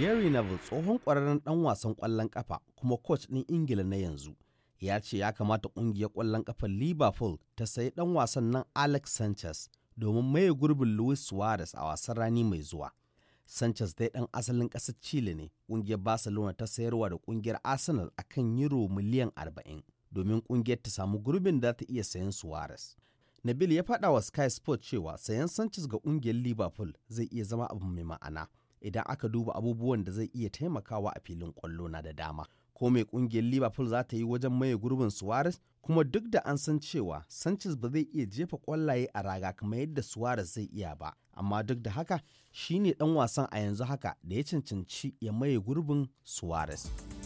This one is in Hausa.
Gary Neville tsohon ƙwararren ɗan wasan ƙwallon ƙafa kuma coach ɗin Ingila na yanzu ya ce ya kamata ƙungiyar ƙwallon ƙafar Liverpool ta sayi ɗan wasan nan Alex Sanchez domin maye gurbin Luis Suarez a wasan rani mai zuwa. Sanchez dai ɗan asalin ƙasar Chile ne ƙungiyar Barcelona ta sayarwa da ƙungiyar Arsenal a kan euro miliyan arba'in domin ƙungiyar ta samu gurbin da ta iya sayan Suarez. Nabil ya faɗa wa Sky Sports cewa sayan Sanchez ga ƙungiyar Liverpool zai iya zama abu mai ma'ana. idan aka duba abubuwan da zai iya taimakawa a filin kwallo na da dama ko mai kungiyar liverpool za ta yi wajen maye gurbin suarez kuma duk da an san cewa sanchez ba zai iya jefa kwallaye a raga kamar yadda suarez zai iya ba amma duk da haka shine dan wasan a yanzu haka da ya cancanci ya maye gurbin suarez.